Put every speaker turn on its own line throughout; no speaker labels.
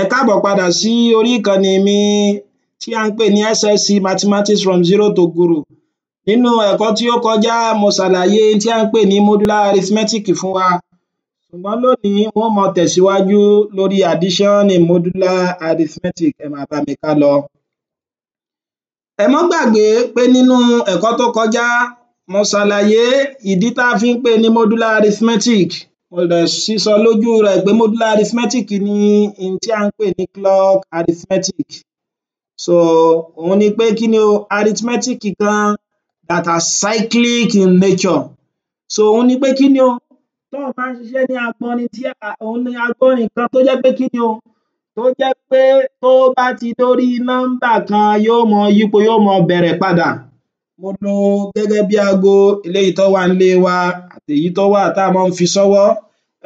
Ẹ káàbọ̀ padà sí orí ìkànnì mi tí à ń pè ní SSC Mathematics from zero to guru. Nínú ẹ̀kọ́ tí ó kọjá mo ṣàlàyé ohun tí à ń pè ní modular arithmetic fún wa ṣùgbọ́n lónìí n ó máa tẹ̀síwájú lórí addition in modular arithmetic ẹ máa bá mi ká lọ. Ẹ má gbàgbé pé nínú ẹ̀kọ́ tó kọjá mo ṣàlàyé ìdí tá a fi ń pè ní modular arithmetic ọ̀rọ̀ sísọ lójú rẹ̀ pé modular arithmetic ni ohun tí à ń pè ní clock arithmetic so òhun ni pé kí ni o arithmetic kan that are cyclic in nature so òhun ni pé kí ni o tóun bá ń ṣiṣẹ́ ní agbọnrin tí òhun ni agbọnrin kan tó jẹ́ pé kí ni o tó jẹ́ pé tó bá ti dórí nọ́mbà kan yóò mọ yípo yóò mọ bẹ̀rẹ̀ padà mo lo gẹ́gẹ́ bí aago eléyìí tó wà nílé wa àti èyí tó wà tá a máa ń fi sọ́wọ́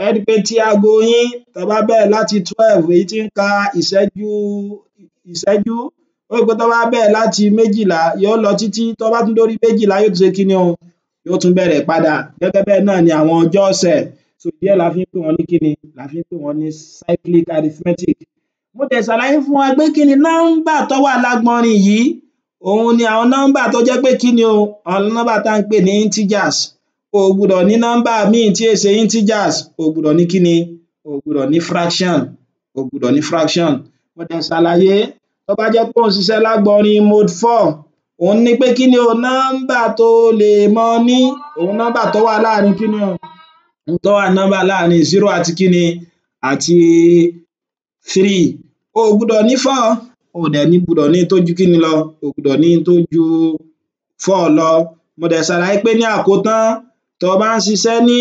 ẹ ó rí i pé tí aago yín tẹ́ ẹ bá bẹ̀rẹ̀ láti twelve èyí tí ń ka ìṣẹ́jú ìṣẹ́jú ó rí i pé tó bá bẹ̀rẹ̀ láti méjìlá yóò lọ títí tó bá tún dórí méjìlá yóò tún ṣe kí ni o yóò tún bẹ̀rẹ̀ padà gẹ́gẹ́ bẹ́ẹ̀ náà ni àwọn ọjọ́ ọ̀sẹ̀ so díẹ̀ la fi ń pè wọ́n ní kíni la fi ń pè wọ́n ní cyclic arithmetic mo dẹ̀ ṣàlàyé fún wa pé kíni nọ́mbà tó wà lágbọnrin yìí òun ni àwọn nọ́mbà tó jẹ́ pé kí ni o àwọn nọ́mbà tá ń pè ní integers o gbúdọ̀ ní nọ́mbà míì tí è ṣe integers o gbúdọ̀ ní kí ni o gbúdọ̀ ní fraction o gbúdọ̀ ní fraction mo dẹ̀ ṣàlàyé tó bá jẹ́ pé òun ṣiṣẹ́ lágbọnrin mode four òun ni pé kí ni o nọ́mbà tó lè mọ ní òun nọ́mbà tó wà láàrin kí ni o òun tó wà nọ́mbà láàrin zero àti kí ni àti three o gbúdọ̀ ní four o dẹ̀ ní gbudọ̀ ní tó ju kíni lọ kò gbudọ̀ ní tó ju four lọ mo dẹ̀ ṣàlàyé pé ní àkótán tó bá ń ṣiṣẹ́ ní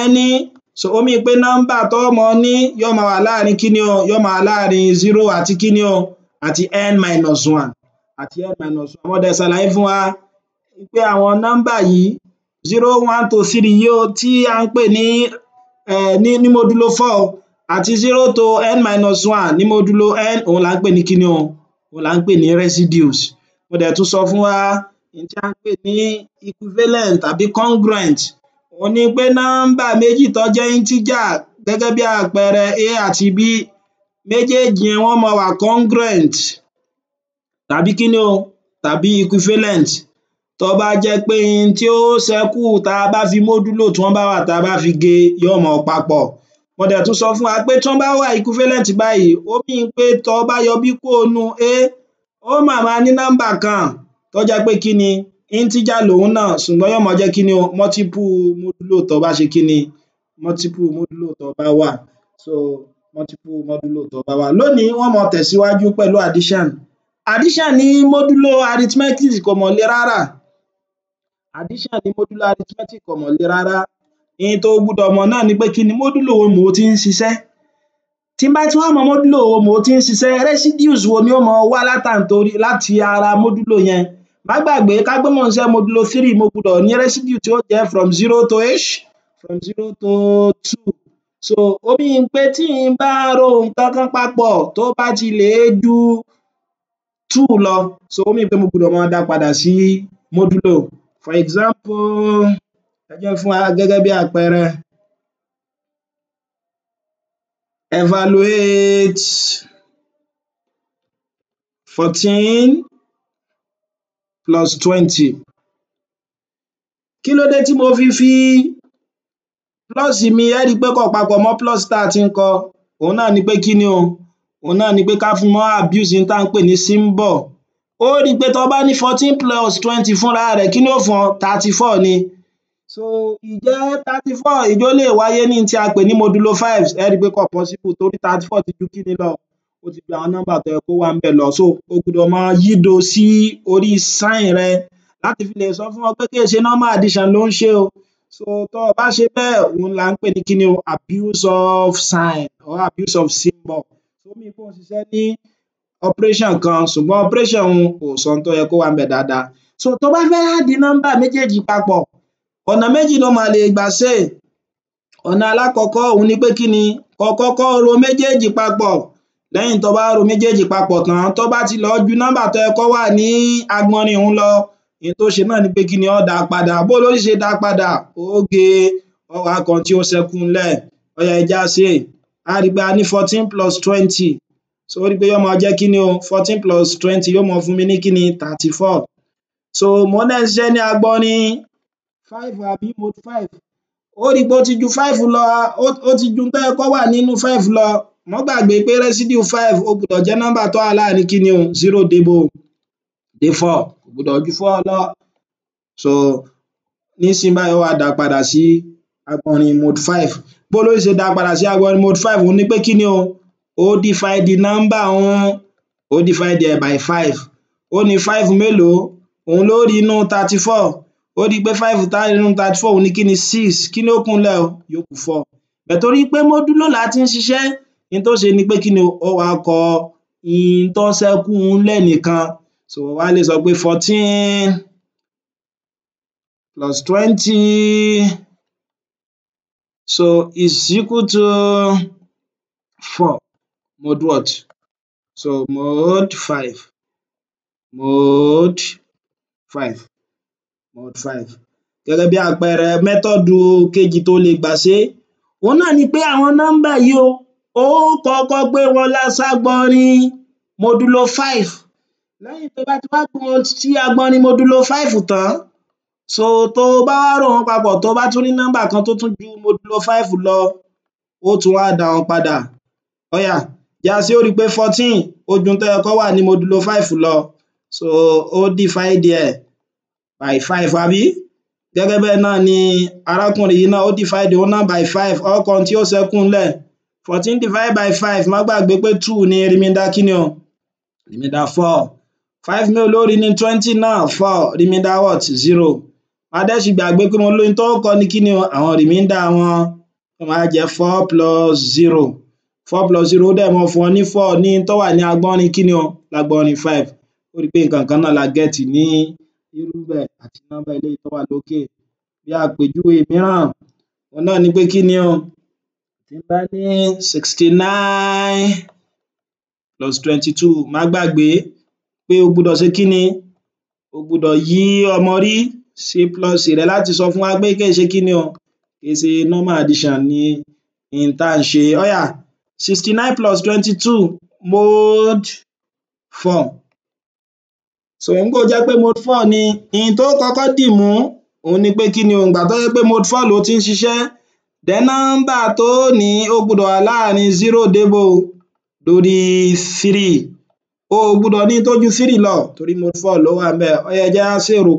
any so ó mìí pé nọ́mbà tó mọ ní yóò máa wà láàrin kíni o yóò máa wà láàrin zero àti kíni o àti n minus one àti n minus one mo dẹ̀ ṣàlàyé fún wa pé àwọn nọ́mbà yìí zero one to three yìí o tí à ń pè ní eh, ní módúlò four àti zero to n minus one ní módúlò n òun là ń pè ní kíni o òun là ń pè ní residues mo dẹ̀ tún sọ fún wa ohun tí à ń pè ní equivalent tàbí congruent òun ni pé nọ́ḿbà méjì tó jẹ́ integer gẹ́gẹ́ bí àpẹẹrẹ a àti b méjèèjì yẹn wọ́n máa wà congruent tàbí kíni o tàbí equivalent tó bá jẹ́ pé ohun tí ó ṣẹ́kù tá a bá fi módúlò tí wọ́n bá wà tá a bá fi ge yóò máa papọ̀ Mo dẹ̀ tún sọ fún wa pé tí wọ́n bá wà equivalent báyìí ó mean tọ bá yọ b kúrò nínú a ó máa ní nọ́mbà kan tó pé kí ni integer lòun náà ṣùgbọ́n yó máa jẹ́ kí ni o multiple módúlò tọ́ bá ṣe kí ni multiple módúlò bá wà so multiple módúlò tọ́ bá wà. Lónìí wọ́n máa tẹ̀síwájú pẹ̀lú addition. Addition ní módúlò arithmetic kò mọ̀ le rárá addition ní módúlò arithmetic kò mọ̀ le rárá Ihun tó o gbúdọ̀ mọ̀ náà ni pé kí ni módúlò wo mò ń ti ń ṣiṣẹ́. Tí n bá ti wá mọ módúlò wo mò ń ti ń ṣiṣẹ́, residues wo ni ó mọ wá látàntorí láti ara módúlò yẹn. Má gbàgbé ká pé mò ń ṣiṣẹ́ módúlò three mo gbúdọ̀ ní residue tí ó jẹ́ from zero to h from zero to two. So ó mean pé tí n bá ro nǹkan kan papọ̀ tó bá ti lè ju two lọ, so ó mean pé mo gbúdọ̀ máa da padà sí módúlò. For example, Ẹ jẹ́ fún wa gẹ́gẹ́ bí àpẹẹrẹ evaluate fourteen plus twenty. Kí ló dé tí mo fi fi plus mi ẹ ẹ́ rí pé kò papọ̀ mọ́ plus tá a ti ń kọ òun náà ni pé kí ni o òun náà ni pé ká mọ́ abuse ohun tá à ń pè ní symbol ó rí i pé tó bá ní fourteen plus twenty fúnra rẹ̀ kí ni yóò fún ọ thirty four ni So ìjẹ́ thirty four ìjó lè wáyé ní ohun tí a pè ní modulo five ẹ rí pé kò possible torí thirty four ti ju kíni lọ ó ti ju àwọn nọ́mbà tó yẹ kó wà ńbẹ̀ lọ so o gbúdọ̀ máa yído sí orí sign rẹ láti fi lè sọ fún wọn pé kì í ṣe normal addition ló ń ṣe o so tó o bá ṣe bẹ́ẹ̀ òhun là ń pè ní kíni o abuse of sign or abuse of symbol ó mean pé ó ṣiṣẹ́ ní operation kan ṣùgbọ́n operation òhun kò sọ ohun tó yẹ kó wà ńbẹ̀ dáadáa so tó bá fẹ́ add nọ́mbà méjèèjì papọ̀ ọ̀nà méjì ló máa lè gbà ṣe é ọ̀nà alákọ̀ọ́kọ́ òun ni pé kí ni kó kọ́kọ́ ro méjèèjì papọ̀ lẹ́yìn tó bá ro méjèèjì papọ̀ tán tó bá ti lọ ju nọ́mbà tó yẹ kó wà ní agbọnrin òun lọ ohun tó ṣe náà ni pé kí ni ó dá padà bó ló ṣe dá padà ó ge kan tí ó ṣẹ́kù ńlẹ̀ ó yá ṣe é a rí i pé a ní fourteen plus twenty so ó rí i pé yóò máa jẹ́ kí ni o fourteen plus twenty yóò máa fún mi ní kí ni thirty four so mo náà ń ṣiṣẹ́ ní agbọnrin five àbí mode five ó ri pé ó ti ju five lọ ó ti ju ohun tó yẹ kó wà nínú five lọ mọ́ gbàgbé pé residue five ó gbúdọ̀ jẹ́ nọ́mbà tó wà láàrin kíni o zero dé bo four kò gbúdọ̀ ju four lọ so nísìnyí báyìí ó wá dá padà sí agbọnrin mode five bó ló ṣe dá padà sí agbọnrin mode five òun ni pé kíni o ó define the number òun ó define there by five ó ní five mélòó òun ló rí inú thirty four ó rí i pé five nínú thirty four ní kí ni six kí ni ó kún lẹ̀ o yóò kù four bẹ̀ torí pé módúlò la ti ń ṣiṣẹ́ ní tó ṣe ni pé kí ni ó wàá kọ ihun tó so wá lè sọ pé fourteen plus twenty so is equal to four mod what so mod five mod five mod 5 Gẹ́gẹ́ bí àpẹẹrẹ mẹ́tọ́ọ̀dù kejì tó lè gbà ṣé òhun náà ni pé àwọn nọ́ḿbà yìí o ó kọ́kọ́ gbé wọn lọ ságbọnrin módúlò 5 lẹ́yìn tó bá ti wá gbé wọn sí agbọnrin módúlò 5 tán so tó o bá wá rò wọ́n papọ̀ tó o bá tún rí nọ́ḿbà kan tó tún ju módúlò 5 lọ ó tún wá dà wọ́n padà ó yá jásí ó rí i pé 14 ó tó yẹ kó wà ní módúlò 5 lọ so ó dìfáìndì ẹ̀ by five àbí gẹ́gẹ́ bẹ́ẹ̀ náà ni arákùnrin yìí náà ó divide òun náà by five ọkàn tí ó ṣẹ́kù ńlẹ̀ fourteen divide by five má gbàgbé pé two ni rímìdá kíni o rímìdá four five mi ò lórí ní twenty náà four rímìdá what zero adẹ́sì gbàgbé pé mo lóyún tó kọ́ ni kíni o àwọn rímìdá wọn ó máa jẹ́ four plus zero four plus zero ó dẹ̀ mọ́ fún ọ ní four ní tó wà ní agbọ́nrin kíni o lágbọ́nrin five ó rí i pé nǹkan kan náà la gẹ́ẹ̀tì ní irúbẹ àti nọ́ḿbà eléyìí tó wà lókè. Bí àpèjúwe mìíràn òhun náà ni pé kíni o, tí n bá ní sixty nine plus twenty two má gbàgbé pé o gbudọ̀ ṣe kíni, o gbudọ̀ yí ọmọrí sí plus rẹ láti sọ fún wa pé kì í ṣe kíni o, kì í ṣe normal addition ni n tá ǹ ṣe. Ó sixty nine plus twenty two mod four so ńgbà ó jẹ́ pé mode four ni ohun tó kọkọ dì mú òun ni pé kí ni o gbà tó mode four ló ti ń ṣiṣẹ́ then nọ́mbà tó ní ó gbúdọ̀ wà láàrin zero débo lórí 3 o ò ní tójú lọ torí mode four ló wà ńbẹ̀ ó yẹ jẹ́ á ó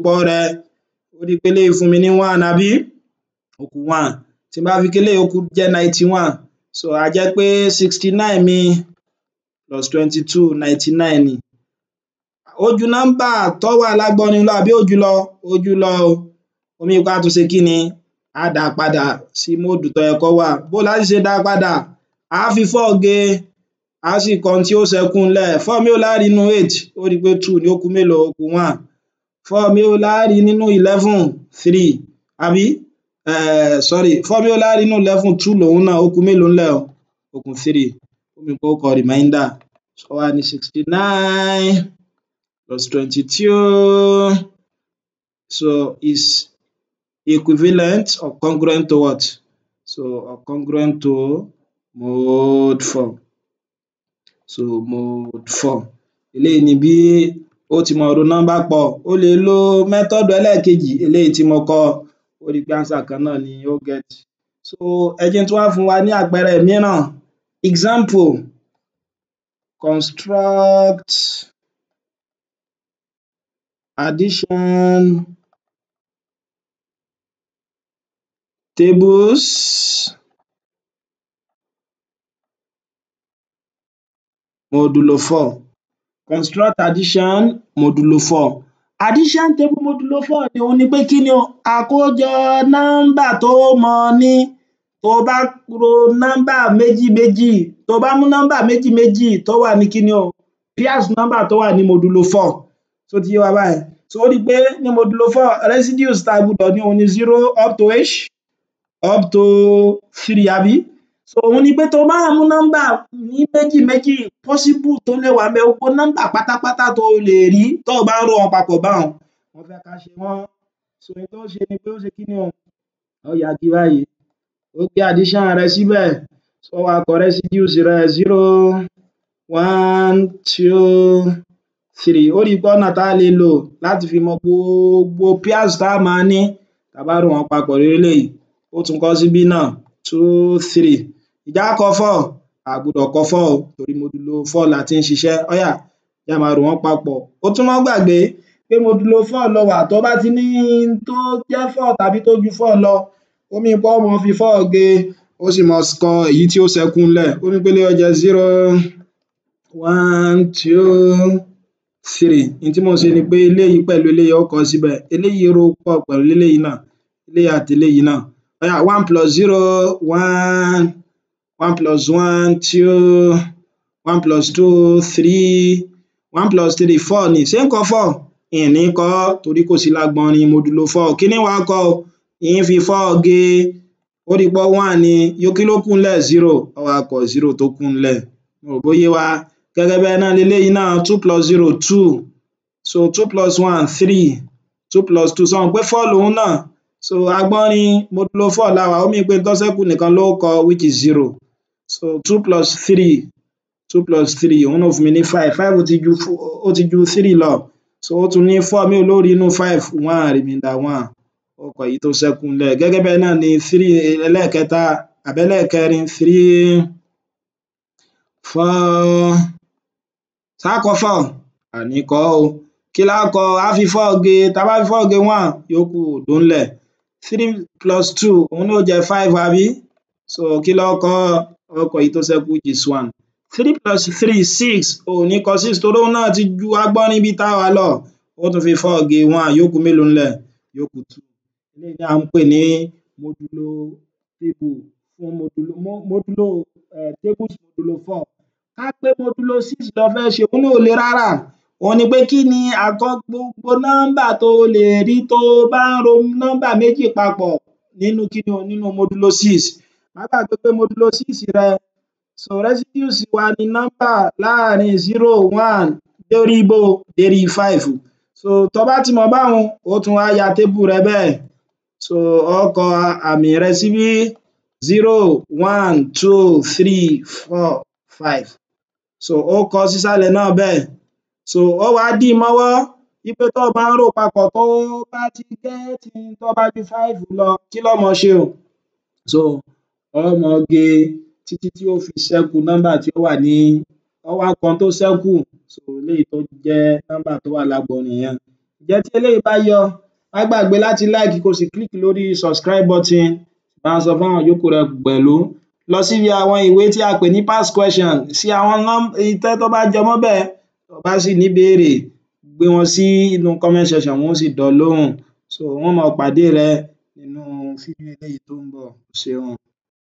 pé fún mi ní one àbí so a pé sixty mi plus twenty ni ojú nọ́mbà tó wà lágbọ́nrin lọ àbí ojú lọ ojú lọ o omi ipa tún ṣe kí ni a dá a padà sí móòdù tó yẹ kó wà bó la sì ṣe dá padà a fi four ge a sì kọ ohun tí ó ṣẹ́kù ńlẹ̀ four mi ò láàrí nínú eight ó rí pé two ni ó kù mélòó ó kù one four mi ò láàrí nínú eleven three àbí eh, sorry four mi ò láàrí nínú eleven two lòun náà ó kù mélòó ńlẹ̀ o ó kù three omi kò kọ rìmáíndà ó wà ní sixty nine plus 22. So is equivalent or congruent to what? So or congruent to mode 4. So mode 4. Ele ni bí ó ti máa ro nọ́mbà pọ̀. O lè lo mẹ́tọ́ọ̀dù ẹlẹ́ẹ̀kejì eléyìí tí mo kọ́ ó rí answer kan náà ni ó get. So ẹ jẹ́ n tún wá fún wa ní àpẹẹrẹ Example construct addition tables modulo four. construct addition modulo four. addition table modulo four. ni òun ni pé kí ni o àkójọ nọ́mbà tó mọ ní tó bá ro nọ́mbà méjì méjì tó bá mú nọ́mbà méjì méjì tó wà ní kí ni o pairs nọ́mbà tó wà ní modulo 4 so ti yé wa báyẹn so ó di pé ní modulo4 residues tá a gbúdọ̀ ní òun ni zero up to h up to three àbí so òun ni pé tó máa mú nọ́mbà ní méjì méjì possible tó lè wà mẹ́ gbogbo nọ́mbà pátápátá tó lè rí tó o bá ń rò wọn papọ̀ báwọn wọ́n fẹ́ ká ṣe wọ́n so èyí tó ṣe ni pé ó ṣe kí ni o ó yagi báyìí ó gbé addition rẹ síbẹ̀ so wàá kọ residues rẹ zero one two three ó ri pé ọ̀nà tá le lò láti fi mọ gbogbo pairs tá ma ní tá rò wọ́n papọ̀ ní eléyìí ó tún kọ́ síbí náà two three ǹjẹ́ á kọ four a gbọdọ̀ kọ four o torí módúlò four la tí ń ṣiṣẹ́ ó yá jẹ́ á rò wọ́n papọ̀ o tún mọ́ gbàgbé pé módúlò four lo wà tó bá ti ní n tó jẹ́ four tàbí tó ju four lọ ó mean pé ó mọ fi four ge ó sì mọ kọ èyí tí ó ṣẹ́kù ńlẹ̀ ó ní pé eléyìí zero one two three n tí mò ń ṣe ni pé eléyìí pẹ̀lú eléyìí ó kọ ọ́ síbẹ̀ eléyìí rọ́pọ̀ pẹ̀lú eléyìí náà eléyìí àti eléyìí náà one plus zero one one plus one two one plus two three one plus three four ni ṣé ń kọ four n ní kọ ọ́ torí kò sí lágbọnrin modulo four kí ni wàá kọ ò n fi four ge ó rí i one ni kí ló kù ńlẹ̀ zero ó wá zero tó kù ńlẹ̀ mo rò bó wa. Gẹ́gẹ́ bẹ́ẹ̀ náà leléyìí náà two plus zero two so two plus one three two plus two sọ mọ̀ pé four lòun náà so agbọ́nrin mo lo four lára ó mì pé n tó ṣẹ́kù nìkan ló kọ which is zero so two plus three two plus three òun náà fún mi ní five five ó ti ju ó ti ju three lọ so ó tún ní four mi ò lórí inú five one remainder one ó kọ èyí tó ṣẹ́kù ńlẹ̀ gẹ́gẹ́ bẹ́ẹ̀ náà ni three ẹlẹ́ẹ̀kẹta àbẹ́lẹ́ẹ̀kẹrin three four ṣá kọ àní kọ o kí lá kọ á fi fọ́ọ̀ ge ta bá fi fọ́ọ̀ ge one yóókù òdo ńlẹ̀ three plus two òun náà ó jẹ́ five àbí so kí lọ́ kọ ọ́ ọkọ̀ tó ṣẹ́kù which one three plus three six òní kọ six torí òun náà ti ju agbọ́n níbi tá a wà lọ ó tún fi fọ́ọ̀ ge one yóókù mélòó ńlẹ̀ yóókù two eléyìí ni ń pè ní módúlò table fún módúlò módúlò um tables four ká pé módúlò six lọ fẹ́ ṣe òun náà ò le rárá òun ni pé kí ni gbogbo nọ́mbà tó lè rí tó bá ń ro nọ́mbà méjì papọ̀ nínú kí ni o nínú módúlò six má gbàgbé pé módúlò six rẹ so residues wa ni nọ́mbà láàrin zero one dórí ibo dórí five so tó bá ti mọ báhun ó tún wá ya tébù rẹ bẹ́ẹ̀ so ó kọ àmì rẹ síbí zero one two three four five so ó kọ sísàlẹ̀ náà bẹ́ẹ̀ so ó wá dì mọ́wọ́ wípé tó bá ń rò papọ̀ tó bá ti gẹ́ẹ̀tì tó bá ju five lọ kí ló mọ ṣe o so ó mọ gé títí tí ó fi ṣẹ́kù nọ́mbà tí ó wà ní ó kan tó ṣẹ́kù so eléyìí tó jẹ́ nọ́mbà tó wà lágbo nìyẹn ǹjẹ́ tí eléyìí bá yọ má gbàgbé láti like kó o sì click lórí subscribe button máa sọ fáwọn yòókù rẹ pẹ̀lú lọ síbi àwọn ìwé tí a pè ní past question ṣe àwọn itẹ́ tó bá jọmọ́ bẹ́ẹ̀ tó bá sì ní ìbéèrè gbé wọn sí inú comment section wọn ó sì dá lóhùn so wọn ó máa pàdé rẹ nínú fídíò eléyìí tó ń bọ̀ o ṣeun